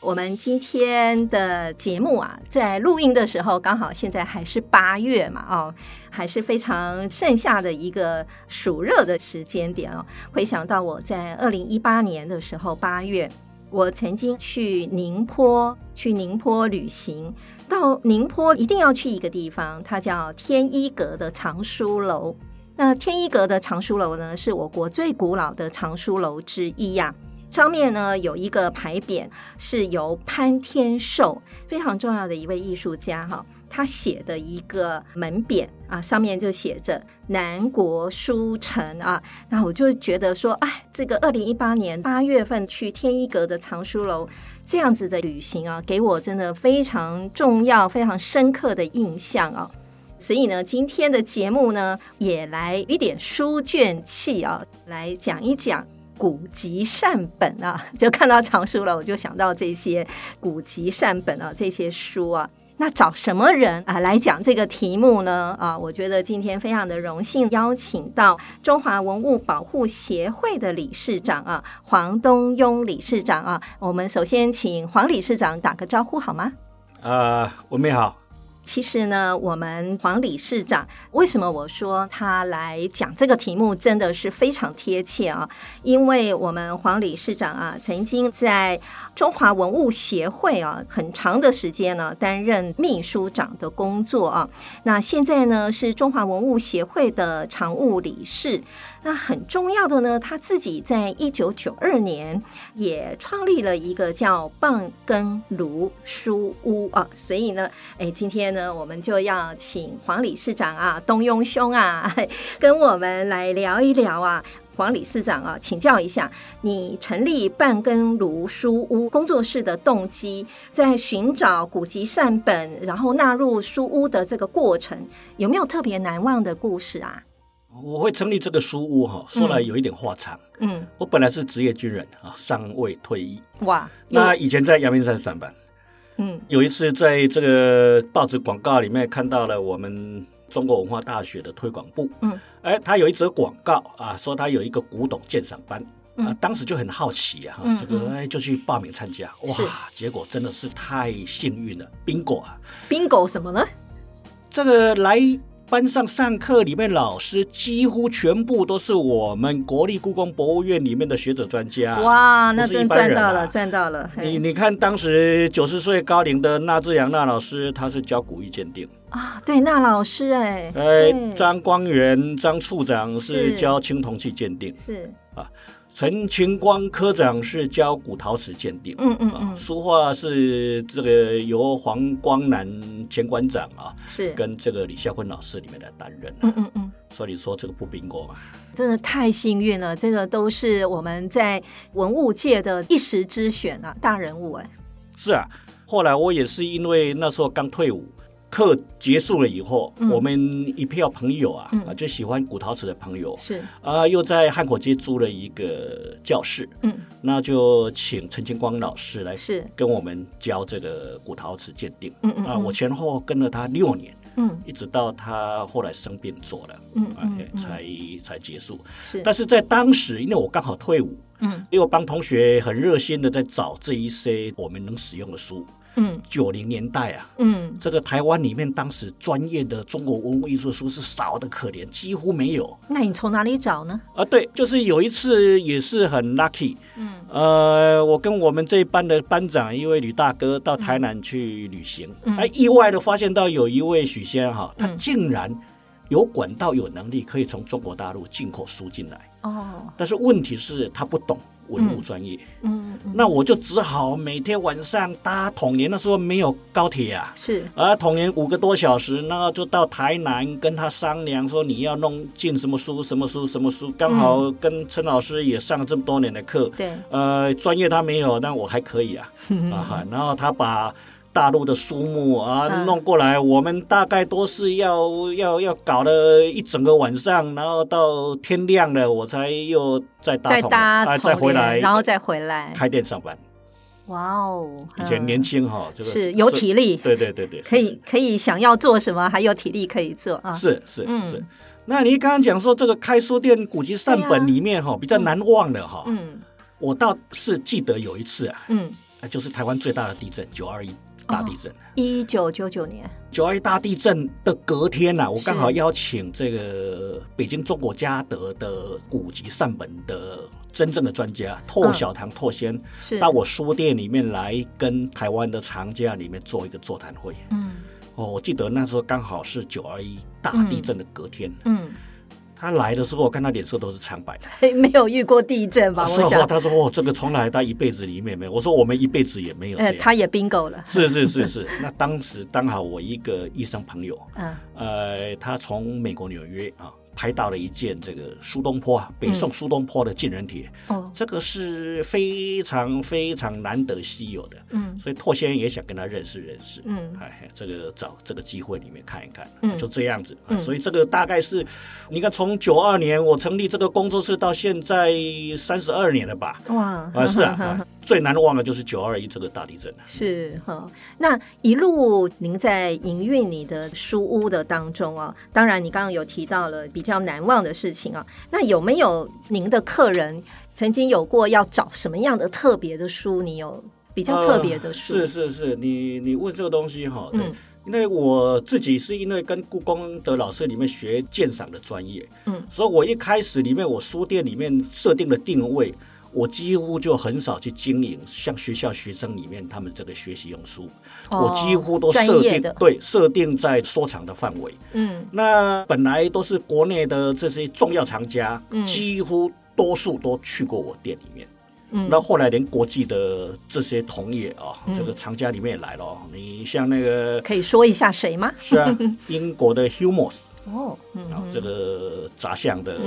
我們今天的節目啊，在錄音的時候剛好現在還是八月嘛，哦，還是非常盛夏的一個暑熱的時間點哦。回想到我在二零一八年的時候，八月我曾經去寧波，去寧波旅行，到寧波一定要去一個地方，它叫天一閣的藏書樓。那天一閣的藏書樓呢，是我國最古老的藏書樓之一呀、啊。上面呢有一個牌匾，是由潘天壽非常重要的一位藝術家哈、哦，他寫的一個門匾啊，上面就寫着“南國書城”啊。那我就覺得說，哎，這個二零一八年八月份去天一閣的藏書樓，這樣子的旅行啊，給我真的非常重要、非常深刻的印象啊、哦。所以呢，今天的節目呢，也來一點書卷氣啊、哦，來講一講。古籍善本啊，就看到藏書了，我就想到這些古籍善本啊，這些書啊，那找什麼人啊來講這個題目呢？啊，我覺得今天非常的榮幸，邀請到中華文物保護協會的理事長啊，黃東墉理事長啊，我們首先請黃理事長打個招呼好嗎？啊，文玫好。其實呢，我們黃理事長，為什麼我說他來講這個題目真的是非常貼切啊？因為我們黃理事長啊，曾經在中華文物協會啊很長的時間呢擔任秘書長的工作啊，那現在呢是中華文物協會的常務理事。那很重要的呢，他自己在一九九二年也創立了一個叫半根爐書屋啊，所以呢、哎，今天呢，我們就要請黃理事長啊，東墉兄啊，跟我們來聊一聊啊。黃理事長啊，請教一下，你成立半根爐書屋工作室的動機，在尋找古籍善本，然後納入書屋的這個過程，有沒有特別難忘的故事啊？我會成立這個書屋哈，說來有一點話長。嗯，嗯，我本來是職業軍人啊，尚未退役。哇！那以前在陽明山上班。嗯，有一次在這個報紙廣告裡面看到了我們中國文化大學的推廣部。嗯，哎、欸，他有一則廣告啊，說他有一個古董鑑賞班、嗯、啊，當時就很好奇啊，這、嗯、個哎，就去報名參加。嗯、哇！結果真的是太幸運了，Bingo 啊！Bingo 什麼呢？這個來。班上上課裡面，老師幾乎全部都是我們國立故宮博物院裡面的學者專家。哇，那真賺到了，賺到了！你你看，當時九十歲高齡的那志良那老師，他是教古玉鑑定啊。對，那老師哎、欸。哎、欸，張光遠張處長是教青銅器鑑定。是，是啊。陳晴光科長是教古陶瓷鑑定，嗯嗯嗯，嗯啊、書畫是這個由黃光南前館長啊，是跟這個李孝坤老師裡面來擔任、啊，嗯嗯嗯，所以說這個不兵果嘛，真的太幸運了，這個都是我們在文物界的一時之選啊，大人物哎、欸，是啊，後來我也是因為那時候剛退伍。課結束了以後、嗯，我們一票朋友啊、嗯，就喜歡古陶瓷的朋友是啊、呃，又在漢口街租了一個教室，嗯，那就請陳清光老師來是跟我們教這個古陶瓷鑑定，嗯、呃、嗯啊，我前後跟了他六年、嗯，一直到他後來生病走了，嗯、啊欸、才才結束。是、嗯，但是在當時，因為我剛好退伍，嗯，因為我幫同學很熱心的在找這一些我們能使用的書。嗯，九零年代啊，嗯，這個台灣裡面當時專業的中國文物藝術書是少得可憐，幾乎沒有。那你從哪裡找呢？啊，對，就是有一次也是很 lucky，嗯，呃，我跟我們這一班的班長一位女大哥到台南去旅行，還、嗯、意外的發現到有一位許仙哈，他竟然有管道有能力可以從中國大陸進口書進來哦，但是問題是他不懂。文物專業嗯嗯，嗯，那我就只好每天晚上搭童年的時候沒有高鐵啊，是，啊童年五個多小時，然後就到台南跟他商量說，你要弄進什麼書，什麼書，什麼書，剛好跟陳老師也上了這麼多年的課，對、嗯，呃，專業他沒有，但我還可以啊，嗯、啊哈，然後他把。大陸的書目啊、嗯，弄過來，我們大概都是要要要搞了一整個晚上，然後到天亮了，我才又再搭再搭，哎、再回來，然後再回來開店上班。哇哦，嗯、以前年輕哈，這個是有體力，對對對對，可以可以想要做什麼，還有體力可以做啊，是是、嗯、是。那你剛剛講說這個開書店，古籍善本裡面哈、啊，比較難忘的哈、嗯，嗯，我倒是記得有一次、啊，嗯，就是台灣最大的地震九二一。大地震，一九九九年九二一大地震的隔天，啊，我剛好邀請這個北京中國嘉德的古籍善本的真正的專家拓小唐拓先，嗯，到我書店裡面來跟台灣的藏家裡面做一個座談會。嗯，哦，我記得那時候剛好是九二一大地震的隔天。嗯。嗯他來的時候，我看他臉色都是蒼白的，沒有遇過地震吧？是啊，他說哦，這個從來他一輩子裡面沒有，我說我們一輩子也沒有、嗯。他也 bingo 了，是是是是。是是是 那當時剛好我一個醫生朋友，嗯、呃，他從美國紐約啊。拍到了一件這個蘇東坡啊，北宋蘇東坡的《近人帖》嗯，哦，這個是非常非常難得稀有的，嗯，所以拓先也想跟他認識認識，嗯，哎，這個找這個機會裡面看一看，嗯，就這樣子、嗯啊，所以這個大概是，你看從九二年我成立這個工作室到現在三十二年了吧，哇，啊是啊。哈哈哈哈最難忘的就是九二一這個大地震了。是哈，那一路您在營運你的書屋的當中啊、哦，當然你剛剛有提到了比較難忘的事情啊、哦，那有沒有您的客人曾經有過要找什麼樣的特別的書？你有比較特別的書、呃？是是是，你你問這個東西哈、哦，嗯，對，因為我自己是因為跟故宮的老師裡面學鑑賞的專業，嗯，所以我一開始裡面我書店裡面設定的定位，我幾乎就很少去經營，像學校學生裡面他們這個學習用書、哦，我幾乎都設定對設定在收藏的範圍。嗯，那本來都是國內的這些重要藏家、嗯，幾乎多數都去過我店裡面。嗯、那後來連國際的這些同業啊，嗯、這個藏家裡面也來了、嗯。你像那個可以說一下誰嗎？是啊，英國的 Humors。 哦、嗯，這個雜項的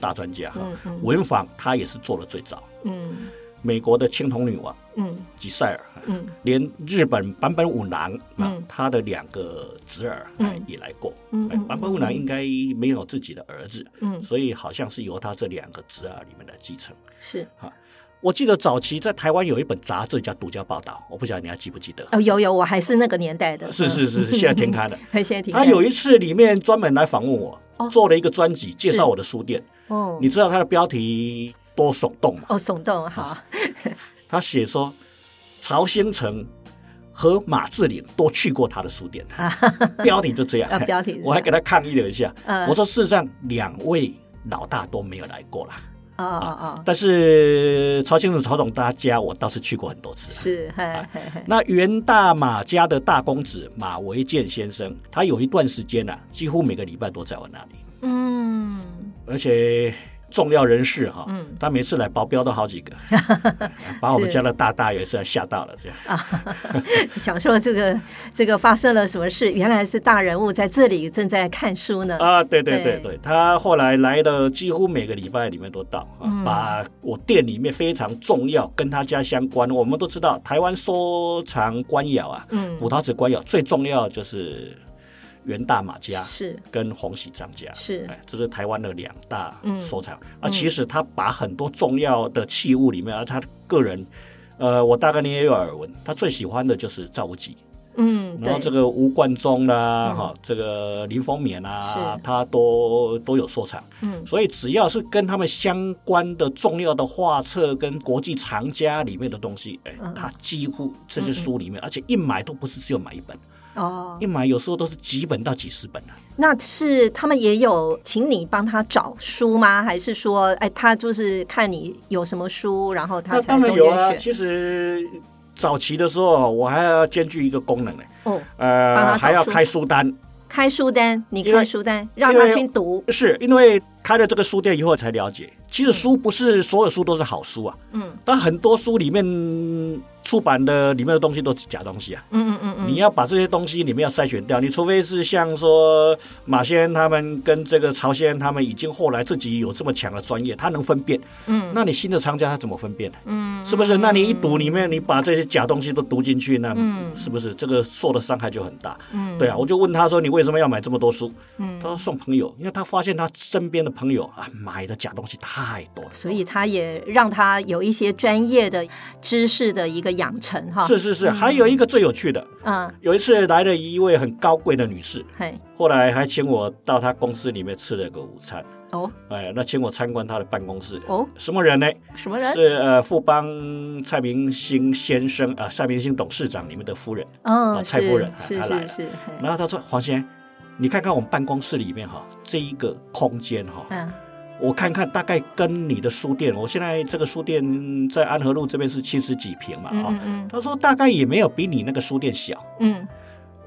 大專家、嗯嗯、哈，文房他也是做的最早。嗯，美國的青銅女王，嗯，吉塞爾，嗯，連日本坂本五郎，嗯，他的兩個侄兒，嗯，也來過。嗯，坂本五郎應該沒有自己的兒子，嗯，所以好像是由他這兩個侄兒裡面來繼承。是，哈。我記得早期在台灣有一本雜誌叫《獨家報導》，我不曉得你還記不記得？哦，有有，我還是那個年代的。嗯、是是是，現在停刊了， 了。他有一次裡面專門來訪問我、哦，做了一個專輯介紹我的書店。哦，你知道他的標題多聳動嗎？哦，聳動好。 他寫說，曹興誠和馬志玲都去過他的書店。 標題就這樣、啊、標題這樣。我還給他抗議了一下。嗯、我說，事實上兩位老大都沒有來過了。啊、哦哦，哦但是曹先生、曹總大家，我倒是去過很多次。是、啊嘿嘿嘿，那元大馬家的大公子馬維建先生，他有一段時間、啊、幾乎每個禮拜都在我那裡。嗯，而且。重要人士哈、嗯，他每次來保鏢都好幾個， 把我們家的大大也是嚇到了，這樣。想說這個這個發生了什麼事？原來是大人物在這裡正在看書呢。啊，對對對對，他後來來的幾乎每個禮拜裡面都到、嗯、把我店裡面非常重要跟他家相關，我們都知道台灣收藏官窯啊，嗯，古陶瓷官窯最重要就是。元大馬家，跟家是跟鴻禧張家是、哎，這是台灣的兩大收藏。嗯、啊，其實他把很多重要的器物裡面啊、嗯，他個人，呃，我大概你也有耳聞，他最喜歡的就是趙無極，嗯，然後這個吳冠中啦、啊、哈、嗯，這個林風眠啊，他都都有收藏。嗯，所以只要是跟他們相關的重要的畫冊跟國際藏家裡面的東西，他、哎、幾乎這些書裡面、嗯嗯，而且一買都不是只有買一本。哦、oh.，一買有時候都是幾本到幾十本、啊、那是他們也有請你幫他找書嗎？還是說，哎、欸，他就是看你有什麼書，然後他才中間選？其實早期的時候，我還要兼具一個功能呢。哦、oh. 呃，呃，還要開書單，開書單，你開書單，讓他去讀，是因為。開了這個書店以後才了解，其實書不是所有書都是好書啊。嗯。但很多書裡面出版的裡面的東西都是假東西啊。嗯嗯嗯，你要把這些東西裡面要篩選掉，你除非是像說馬先生他們跟這個曹先生他們已經後來自己有這麼強的專業，他能分辨。嗯。那你新的商家他怎麼分辨呢？啊？嗯。是不是？那你一讀裡面，你把這些假東西都讀進去，那是不是、嗯、這個受的傷害就很大？嗯。對啊，我就問他說：“你為什麼要買這麼多書？”嗯。他說：“送朋友，因為他發現他身邊的。”朋友啊，買的假東西太多了，所以他也讓他有一些專業的知識的一個養成哈。是是是、嗯，還有一個最有趣的啊、嗯，有一次來了一位很高貴的女士，嘿，後來還請我到他公司裡面吃了個午餐哦，哎，那請我參觀他的辦公室哦。什麼人呢？什麼人？是呃富邦蔡明興先生啊、呃，蔡明興董事長裡面的夫人，嗯，啊、蔡夫人，是、啊、她來了，是,是,是是。然後他說：“黃先。”你看看我們辦公室裡面哈、哦，這一個空間哈、哦嗯，我看看大概跟你的書店，我現在這個書店在安和路這邊是七十幾平嘛啊、哦嗯嗯，他說大概也沒有比你那個書店小，嗯，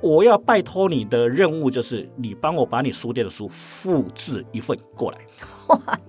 我要拜托你的任務就是你幫我把你書店的書複製一份過來。哇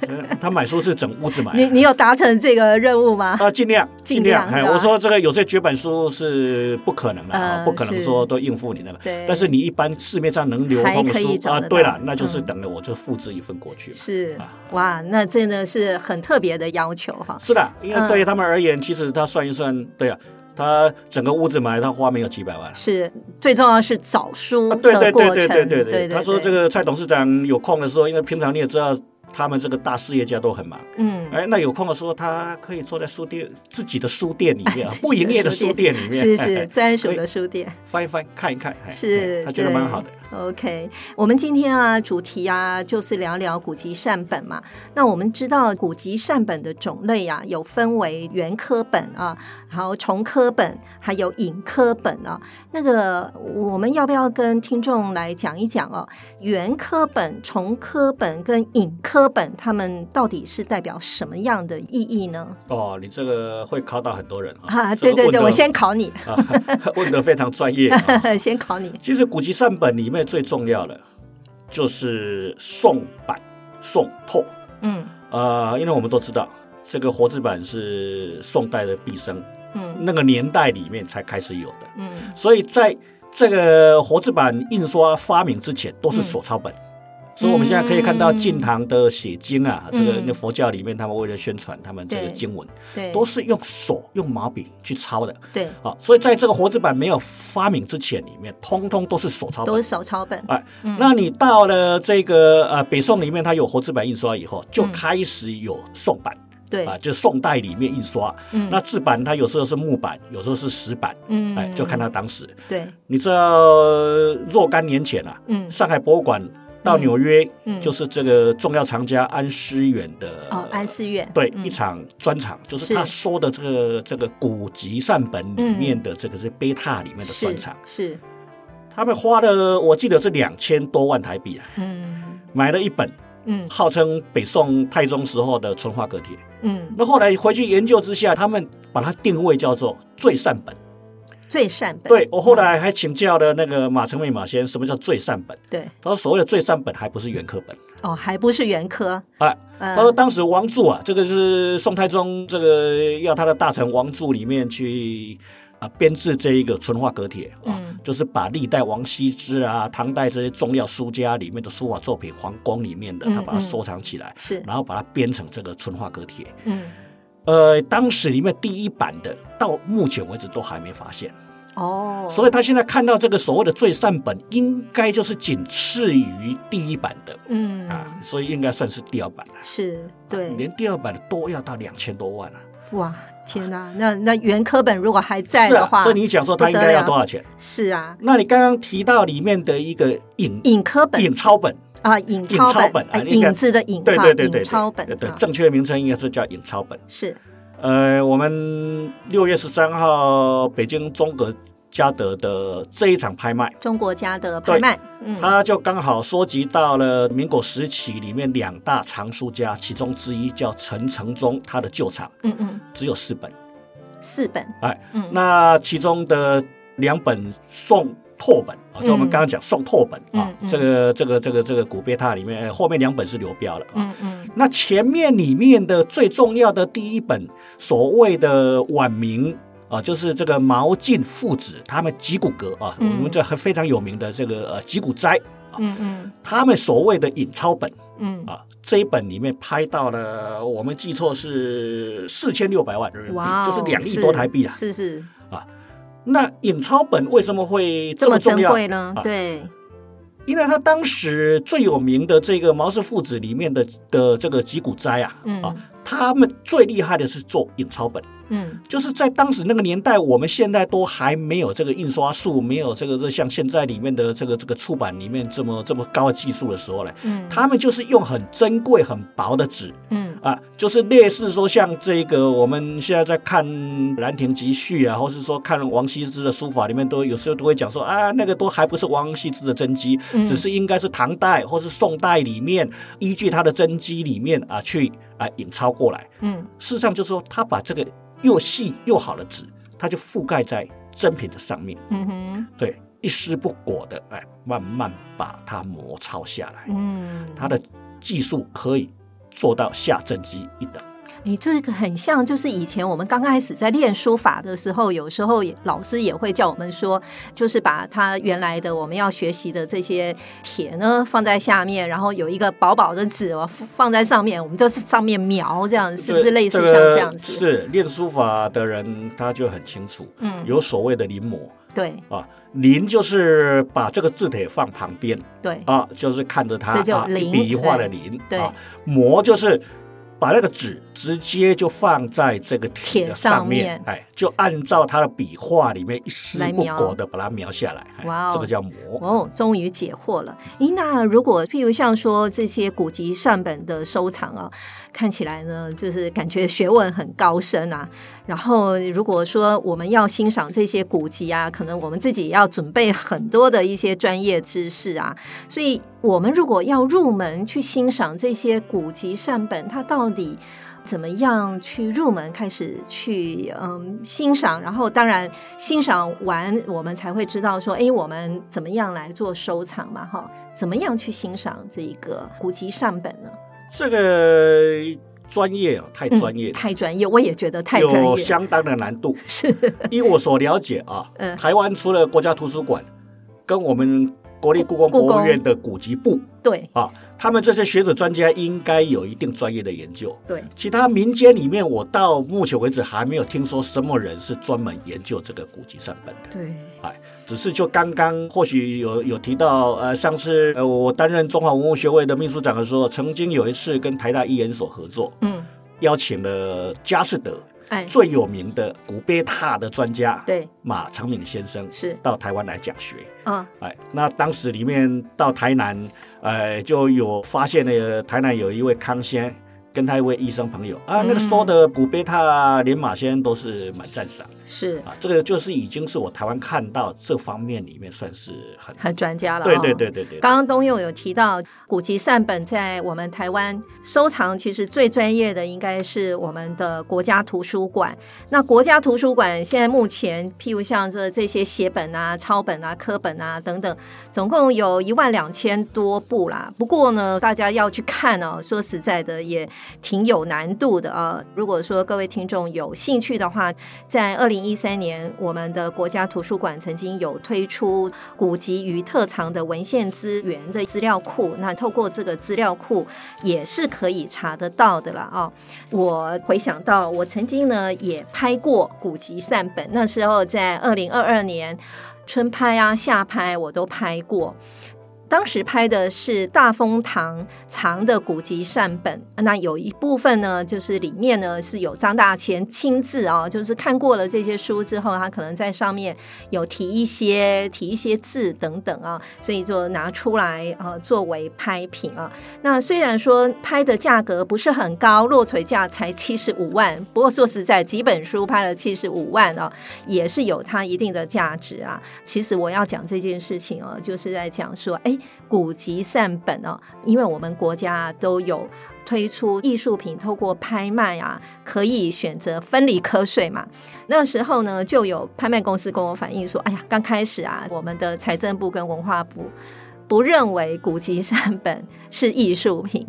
他買書是整屋子買的，你你有達成這個任務嗎？啊，盡量盡量哎，我說這個有些絕版書是不可能的，嗯、不可能說都應付你的對。但是你一般市面上能流通的書啊，對了，那就是等着我就複製一份過去，嗯。是哇，那真的是很特別的要求哈、啊。是的，因為對他們而言，其實他算一算，對呀、啊。他整個屋子買，他花沒有幾百萬、啊。是，最重要是找書、啊、對對對對對對，對，對，對，對，對他說這個蔡董事長有空的時候，對對對對，因為平常你也知道，他們這個大事業家都很忙。嗯，哎，那有空的時候，他可以坐在書店自己的書店裡面，啊、不營業的書店裡面，是是、哎、是，是專屬的書店，翻一翻看一看，哎、是、哎，他覺得蠻好的。OK，我們今天啊，主題啊，就是聊聊古籍善本嘛。那我們知道古籍善本的種類啊，有分為原刻本啊。好，重刻本還有影刻本啊、哦，那個我們要不要跟聽眾來講一講哦？原刻本、重刻本跟影刻本，他們到底是代表什麼樣的意義呢？哦，你這個會考到很多人啊！啊對對對、這個，我先考你。 啊、問的非常專業、啊， 先考你。其實古籍善本裡面最重要的就是宋版、宋拓。嗯，啊、呃，因為我們都知道這個活字版是宋代的畢昇。嗯，那個年代裡面才開始有的，嗯，所以在這個活字版印刷發明之前，都是手抄本，嗯，所以我們現在可以看到晉唐的寫經啊，嗯，這個那佛教裡面他們為了宣傳他們這個經文，對，嗯，都是用手用毛筆去抄的，對，好，所以在這個活字版沒有發明之前，裡面通通都是手抄本，都是手抄本，哎，嗯，那你到了這個呃北宋裡面，它有活字版印刷以後，就開始有宋版。嗯嗯對啊，就宋代裡面印刷，嗯、那字版它有時候是木板，有時候是石板，嗯、哎，就看他當時。對，你知道若干年前啊，嗯、上海博物館到紐約、嗯嗯，就是這個重要藏家安思遠的哦，安思遠對、嗯、一場專場、嗯，就是他說的這個這個古籍善本裡面的這個是貝塔裡面的專場，嗯、是，是他們花了我記得是兩千多萬台幣啊，嗯，買了一本。嗯，號稱北宋太宗時候的淳化閣帖。嗯，那後來回去研究之下，他們把它定位叫做最善本。最善本。對，我後來還請教了那個馬成美馬先，什麼叫最善本？對，他說所謂的最善本還不是原刻本。哦，還不是原刻。哎，他說當時王著啊、嗯，這個是宋太宗這個要他的大臣王著裡面去。啊，編製這一個《淳化閣帖》啊，嗯、就是把歷代王羲之啊、唐代這些重要書家裡面的書法作品，皇宮裡面的、嗯嗯、他把它收藏起來，是，然後把它編成這個《淳化閣帖》。嗯，呃，當時裡面第一版的到目前為止都還沒發現哦，所以他現在看到這個所謂的最善本，應該就是僅次於第一版的，嗯啊，所以應該算是第二版了、嗯。是對、啊，連第二版的都要到兩千多萬了、啊。哇，天哪！那那原刻本如果還在的話，是啊，所以你想說他應該要多少錢、啊？是啊。那你剛剛提到裡面的一個影影刻本影抄本啊，影影抄本啊，影子的影、啊。對對對對對。本對，對，對，對對對啊，正確的名稱應該是叫影抄本。是。呃，我們六月十三號北京中國嘉德的這一場拍賣，中國嘉德拍賣，嗯，他就剛好收集到了民國時期裡面兩大藏書家其中之一，叫陳澄中，他的舊藏，嗯嗯，只有四本，四本，哎，嗯、那其中的兩本宋拓本，啊，就我們剛剛講宋拓本、嗯、啊，這個這個這個這個古碑拓裡面後面兩本是流標了，嗯嗯、啊，那前面裡面的最重要的第一本，所謂的晚明。啊，就是這個毛晉父子他們汲古閣啊、嗯，我們這還非常有名的這個呃汲古齋嗯。他們所謂的影鈔本，嗯啊，這一本裡面拍到了，我沒記錯是四千六百萬人民幣，就是兩億多台幣啊，是是，是啊，那影鈔本為什麼會這麼重要麼珍貴呢？對、啊，因為他當時最有名的這個毛氏父子裡面的的這個汲古齋啊，嗯、啊，他們最厲害的是做影鈔本。嗯，就是在當時那個年代，我們現在都還沒有這個印刷術，沒有這個這像現在裡面的這個這個出版裡面這麼這麼高的技術的時候呢，嗯，他們就是用很珍貴、很薄的紙，嗯啊，就是類似說像這個我們現在在看《蘭亭集序》啊，或是說看王羲之的書法裡面，都有時候都會講說啊，那個都還不是王羲之的真跡，只是應該是唐代或是宋代裡面依據他的真跡裡面啊去。來、啊、影抄過來，嗯，事實上就是說，他把這個又細又好的紙，他就覆蓋在真品的上面，嗯哼，對，一絲不苟的，哎，慢慢把它磨抄下來，嗯，他的技術可以做到下真跡一等。哎，這個很像，就是以前我們剛開始在練書法的時候，有時候老師也會叫我們說，就是把他原來的我們要學習的這些帖呢，放在下面，然後有一個薄薄的紙放在上面，我們就是上面描這樣，是不是類似像這樣子？是、這個、是練書法的人他就很清楚，嗯，有所謂的臨摹，對啊，臨就是把這個字帖放旁邊，對啊，就是看着他這就臨啊，筆畫的臨，對、對啊，摹就是。把那個紙直接就放在這個的上鐵上面，哎，就按照它的筆畫裡面一絲不苟的把它描下來，來哎、哇、哦，這個叫摹哦，終於解惑了。咦、嗯，那如果譬如像說這些古籍善本的收藏啊。看起來呢，就是感覺學問很高深啊。然後，如果說我們要欣賞這些古籍啊，可能我們自己也要準備很多的一些專業知識啊。所以，我們如果要入門去欣賞這些古籍善本，它到底怎麼樣去入門開始去嗯欣賞？然後，當然欣賞完，我們才會知道說，哎，我們怎麼樣來做收藏嘛？哈，怎麼樣去欣賞這一個古籍善本呢？這個專業啊，太專業、嗯，太專業，我也覺得太專業有相當的難度。是，依我所了解啊、 呃，台灣除了國家圖書館，跟我們國立故宮博物院的古籍部，對啊，他們這些學者專家應該有一定專業的研究。對，其他民間裡面，我到目前為止還沒有聽說什麼人是專門研究這個古籍善本的。對，哎。只是就剛剛或許有有提到，呃，上次呃我擔任中華文物學會的秘書長的時候，曾經有一次跟台大醫研所合作，嗯，邀請了佳士得，哎，最有名的古貝塔的專家，對、哎，馬長敏先生是到台灣來講學，嗯，哎，那當時裡面到台南，哎，呃，就有發現了台南有一位康先生，跟他一位醫生朋友啊，嗯，那個說的古貝塔，啊、連馬先生都是蠻讚賞的。是啊，這個就是已經是我台灣看到這方面裡面算是很很專家了哦。對對對對對。剛剛東墉有提到古籍善本在我們台灣收藏，其實最專業的應該是我們的國家圖書館。那國家圖書館現在目前，譬如像這這些寫本啊、抄本啊、刻本啊等等，總共有一萬兩千多部啦。不過呢，大家要去看哦，說實在的也挺有難度的啊哦。如果說各位聽眾有興趣的話，在二零。二零一三年，我們的國家圖書館曾經有推出古籍與特藏的文獻資源的資料庫，那透過這個資料庫也是可以查得到的了啊、哦！我回想到，我曾經呢也拍過古籍善本，那時候在二零二二年春拍啊、夏拍我都拍過。當時拍的是大風堂藏的古籍善本，那有一部分呢，就是裡面呢是有張大千親自啊、哦，就是看過了這些書之後，他可能在上面有提一些提一些字等等啊，所以就拿出來啊，作為拍品啊。那雖然說拍的價格不是很高，落槌價才七十五萬，不過說實在，幾本書拍了七十五萬啊，也是有它一定的價值啊。其實我要講這件事情啊，就是在講說，哎。古籍善本哦，因為我們國家都有推出藝術品，透過拍賣啊，可以選擇分離課稅嘛。那時候呢，就有拍賣公司跟我反映說：“哎呀，剛開始啊，我們的財政部跟文化部不認為古籍善本是藝術品。”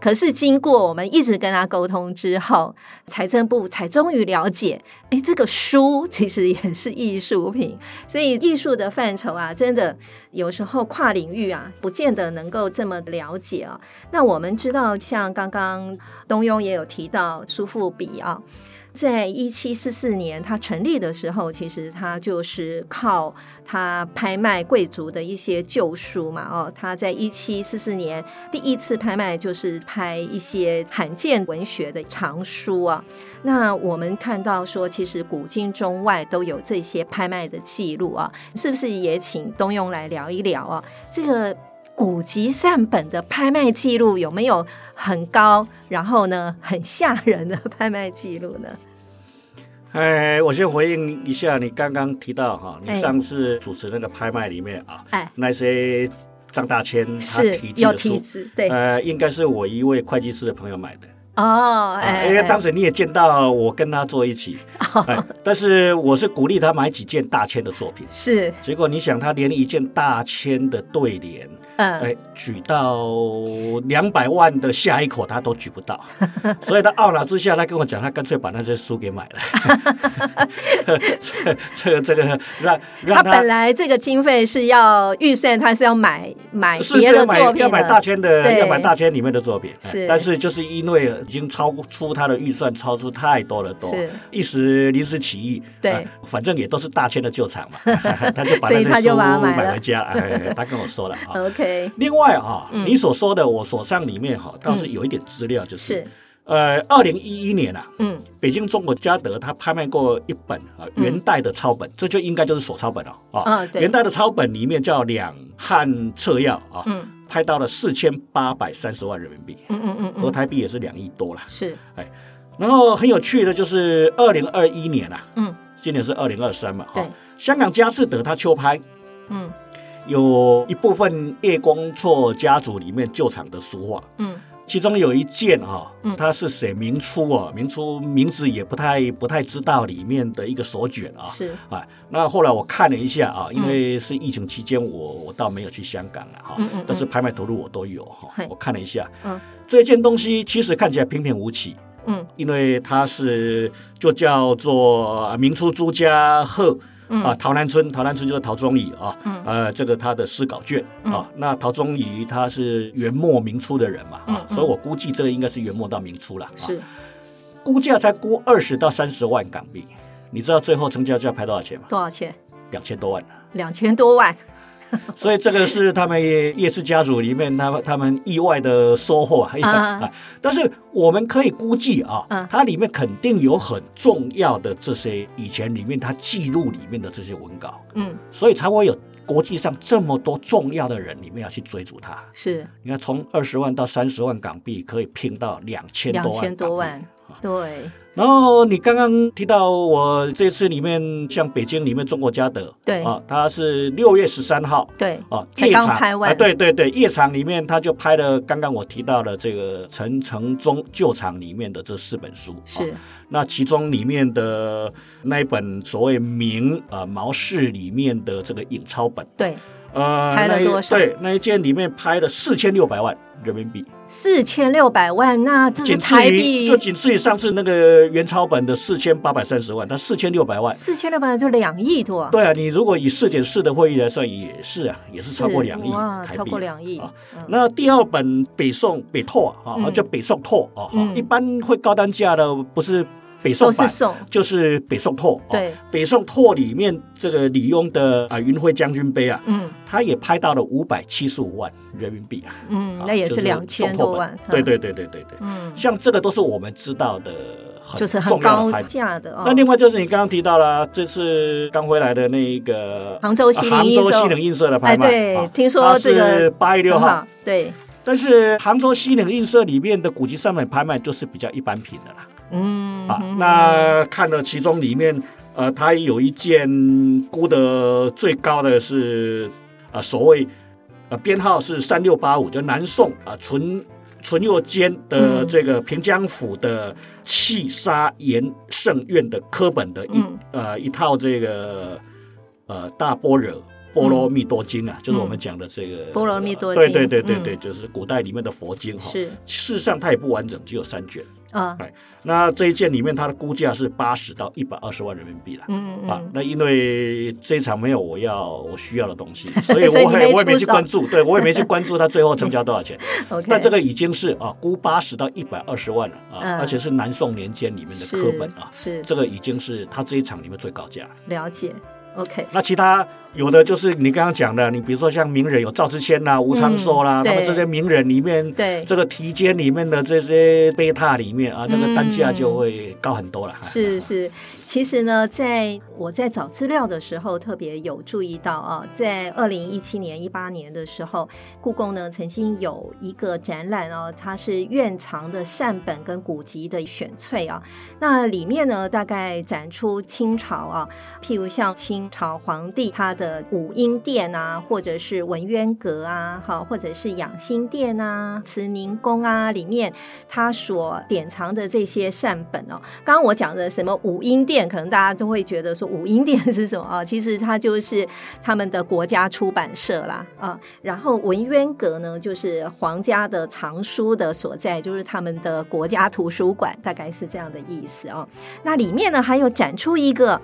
可是經過我們一直跟他溝通之後，財政部才終於了解，哎，這個書其實也是藝術品，所以藝術的範疇啊，真的有時候跨領域啊，不見得能夠這麼了解啊、哦。那我們知道，像剛剛東墉也有提到蘇富比啊、哦。在一七四四年，它成立的時候，其實它就是靠它拍賣貴族的一些舊書嘛。哦，它在一七四四年第一次拍賣就是拍一些罕見文學的藏書啊。那我們看到說，其實古今中外都有這些拍賣的記錄啊，是不是？也請東墉來聊一聊啊，這個古籍善本的拍賣記錄有沒有很高，然後呢，很嚇人的拍賣記錄呢？哎、欸，我先回應一下你剛剛提到哈，你上次主持人的拍賣裡面啊，哎、欸，那些張大千是有題字，對，呃，應該是我一位會計師的朋友買的哦，哎、欸欸欸，因為當時你也見到我跟他坐一起、欸哦，但是我是鼓勵他買幾件大千的作品，是，結果你想他連一件大千的對聯。呃、嗯、舉到兩百萬的下一口他都舉不到， 所以他懊惱之下，他跟我講，他乾脆把那些書給買了。 這個這個讓讓他，他本來這個經費是要預算，他是要買買別的，是是別的作品，要買大千的，要買大千裡面的作品。是、哎，但是就是因為已經超出他的預算，超出太多了多，多，一時臨時起意。對、啊，反正也都是大千的舊藏嘛， 他就把那些書買回家 哎哎。哎，他跟我說了。 OK。另外啊、嗯，你所說的我手上裡面哈，倒是有一點資料、就是，就是，呃，二零一一年啊，嗯，北京中國嘉德他拍賣過一本啊元代的抄本、嗯，這就應該就是手抄本了啊、哦哦、啊。嗯，對，元代的抄本裡面叫《兩漢策要》啊，拍到了四千八百三十萬人民幣，嗯嗯嗯，嗯，合台幣也是兩億多了。是，哎，然後很有趣的就是二零二一年啊，嗯，今年是二零二三嘛，對、哦，香港佳士得他秋拍，嗯有一部分葉恭綽家族裡面舊藏的書畫，嗯，其中有一件哈，它是寫明初啊、嗯，明初名字也不太不太知道裡面的一個手卷啊，是啊，那後來我看了一下啊，因為是疫情期間，我、嗯、我倒沒有去香港了哈、嗯嗯嗯，但是拍賣圖錄我都有哈，我看了一下、嗯，這件東西其實看起來平平無奇，嗯，因為它是就叫做明初朱家賀。嗯、啊，陶南村，陶南村就是陶宗儀啊、嗯，呃，這個他的詩稿卷啊、嗯，那陶宗儀他是元末明初的人嘛、嗯、啊，所以我估計這個應該是元末到明初了、嗯啊，是，估價才估二十到三十萬港幣，你知道最後成交價拍多少錢嗎？多少錢？兩千多萬、啊。兩千多萬。 所以這個是他們葉氏家族裡面他們他們意外的收穫啊 uh -huh. 但是我們可以估計啊，uh -huh. 它裡面肯定有很重要的這些以前裡面它記錄裡面的這些文稿，嗯，所以才會有國際上這麼多重要的人裡面要去追逐它。是，你看從二十萬到三十萬港幣可以拼到兩千多萬，兩千多萬。對，然後你剛剛提到我這次裡面像北京裡面中國嘉德，對啊，他是六月十三號，對啊，夜場、啊，對對對，夜場裡面他就拍了剛剛我提到的這個陳澄中舊藏裡面的這四本書，是、啊、那其中裡面的那一本所謂明啊、呃、毛氏裡面的這個影抄本，對。呃，拍了多少？對，那一件裡面拍了四千六百萬人民幣。四千六百萬，那這是台幣，就僅次於上次那個原鈔本的四千八百三十萬，它四千六百萬。四千六百萬就兩億多。對啊，你如果以四點四的匯率來算，也是啊，也是超過兩億台幣，哇，超過兩億啊。那、嗯、第二本北宋北拓啊，叫北宋拓啊、嗯，一般會高單價的不是。北宋版都是宋就是北宋拓，對、哦，北宋拓裡面這個李邕的啊，《雲麾將軍碑啊，嗯，他也拍到了五百七十五萬人民幣啊，嗯，那、啊、也是兩千多萬、就是嗯，對對對對對對，嗯，像這個都是我們知道的，很的，就是很高價的、哦。那另外就是你剛剛提到了這次剛回來的那一個杭州杭州西泠印社、啊、的拍賣，哎、對、啊，聽說這個八月六號，對，但是杭州西泠印社裡面的古籍善本拍賣就是比較一般品的啦。嗯啊，那看了其中裡面，呃，它有一件估得最高的是，啊、呃，所謂，呃，編號是三六八五，就南宋啊，淳淳祐間的這個平江府的磧砂延聖院的刻本的一、嗯、呃一套這個呃大般若波羅蜜多經啊、嗯，就是我們講的這個波羅蜜多經、啊，對對對對對、嗯，就是古代裡面的佛經哈。事實上它也不完整，只有三卷。啊、哦，那這一件裡面它的估價是八十到一百二十萬人民幣了。嗯，嗯啊，那因為這一場沒有我要我需要的東西，所以我也 我也沒去關注。 對，我也沒去關注它最後成交多少錢。那、 okay、這個已經是啊，估八十到一百二十萬了啊、嗯，而且是南宋年間裡面的刻本啊是。是。這個已經是它這一場裡面最高價。了解。OK，那其他有的就是你剛剛講的，你比如說像名人有趙之謙啦、啊、吳昌碩啦、啊嗯，他們這些名人裡面，對這個題簽裡面的這些背塔裡面啊，那、嗯這個單價就會高很多了、嗯。 是是。其實呢，在我在找資料的時候，特別有注意到啊，在二零一七年、一八年的時候，故宮呢曾經有一個展覽哦、啊，它是院藏的善本跟古籍的選萃啊。那裡面呢，大概展出清朝啊，譬如像清朝皇帝他的武英殿啊，或者是文淵閣啊，哈，或者是養心殿啊、慈寧宮啊裡面他所典藏的這些善本哦、啊。剛剛我講的什麼武英殿？可能大家都會覺得說，武英殿是什麼啊？其實它就是他們的國家出版社啦啊。然後文淵閣呢，就是皇家的藏書的所在，就是他們的國家圖書館，大概是這樣的意思。那裡面呢，還有展出一個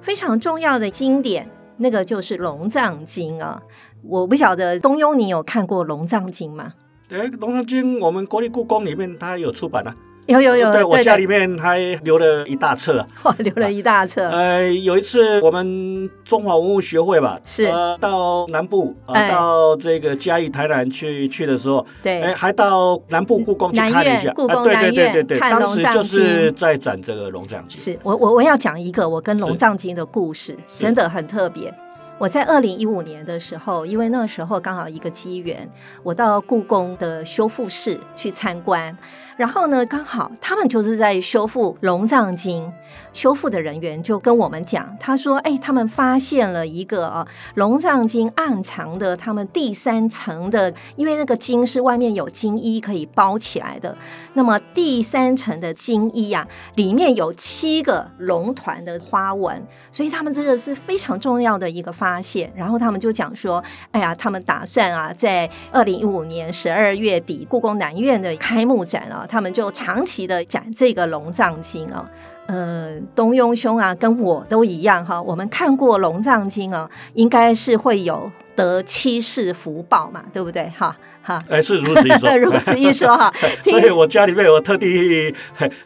非常重要的經典，那個就是《龍藏經》啊。我不曉得東墉，你有看過《龍藏經》嗎？哎，《龍藏經》我們國立故宮裡面它有出版啊。有有有，對，對，對，對，我家裡面還留了一大冊，啊，哇，留了一大冊，啊。呃，有一次我們中華文物學會吧，是呃，到南部，欸，到這個嘉義、台南去去的時候，對，哎、欸，還到南部故宮去看一下。故宮南院，呃、對對對對對，當時就是在展這個龍藏經。是我我我要講一個我跟龍藏經的故事，真的很特別。我在二零一五年的時候，因為那個時候剛好一個機緣，我到故宮的修復室去參觀，然後呢，剛好他們就是在修復《龍藏經》，修復的人員就跟我們講，他說：“哎，他們發現了一個、哦《龍藏經》暗藏的他們第三層的，因為那個經是外面有經衣可以包起來的，那麼第三層的經衣呀、啊，裡面有七個龍團的花紋，所以他們這個是非常重要的一個發。”發現，然後他們就講說：“哎呀，他們打算啊，在二零一五年十二月底，故宮南院的開幕展啊，他們就長期的展這個《龍藏經》啊。呃，東墉兄啊，跟我都一樣哈，我們看過《龍藏經》啊，應該是會有得七世福報嘛，對不對？哈。”哈、啊，哎，是如此一說， 如此一說哈、啊。所以我家裡面，我特地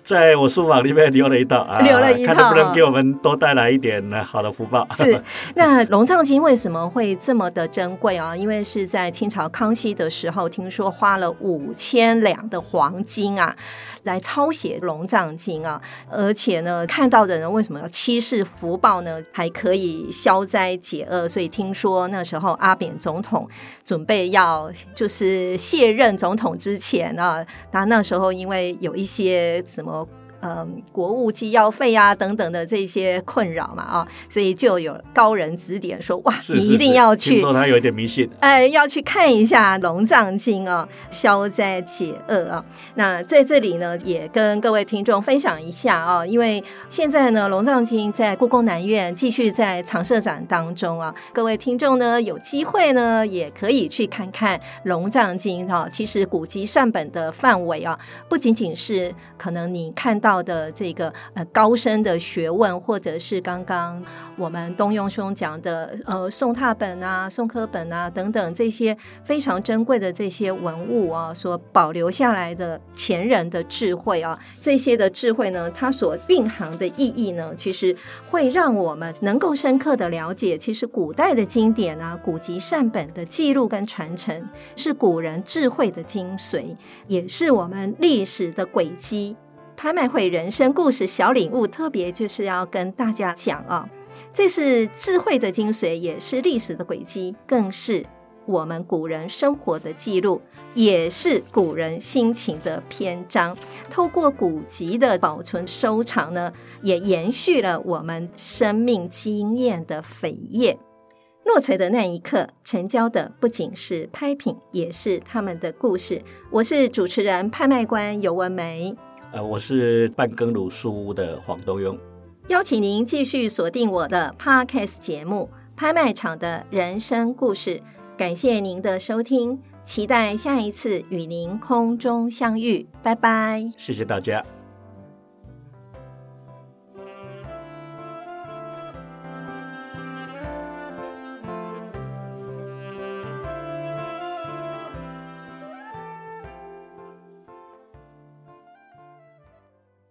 在我書房裡面留了一道啊，留了一道、啊，看能不能給我們多帶來一點呢，好的福報。是，那《龍藏經》為什麼會這麼的珍貴啊？因為是在清朝康熙的時候，聽說花了五千兩的黃金啊，來抄寫《龍藏經》啊，而且呢，看到的人為什麼要七世福報呢？還可以消災解厄。所以聽說那時候阿扁總統準備要就是。是卸任總統之前啊，那那時候因為有一些什麼。嗯，國務機要費啊等等的這些困擾嘛啊，所以就有高人指點說：“哇，是是是你一定要去。”聽說他有點迷信，哎，要去看一下《龍藏經》啊，消災解厄啊。那在這裡呢，也跟各位聽眾分享一下啊，因為現在呢，《龍藏經》在故宮南院繼續在常設展當中啊，各位聽眾呢有機會呢也可以去看看《龍藏經》啊。其實古籍善本的範圍啊，不僅僅是可能你看到。到的這個呃高深的學問，或者是剛剛我們東墉兄講的呃宋拓本啊、宋刻本啊等等這些非常珍貴的這些文物啊，所保留下來的前人的智慧啊，這些的智慧呢，它所蘊含的意義呢，其實會讓我們能夠深刻的了解，其實古代的經典啊、古籍善本的記錄跟傳承，是古人智慧的精髓，也是我們歷史的軌跡。拍賣會人生故事小禮物特別就是要跟大家講啊、哦，這是智慧的精髓，也是歷史的軌跡，更是我們古人生活的記錄，也是古人心情的篇章。透過古籍的保存收藏呢，也延續了我們生命經驗的扉頁。落錘的那一刻，成交的不僅是拍品，也是他們的故事。我是主持人、拍賣官游文玫。呃，我是半更廬書屋的黃東墉，邀請您繼續鎖定我的 Podcast 節目《拍賣場的人生故事》，感謝您的收聽，期待下一次與您空中相遇，拜拜，謝謝大家。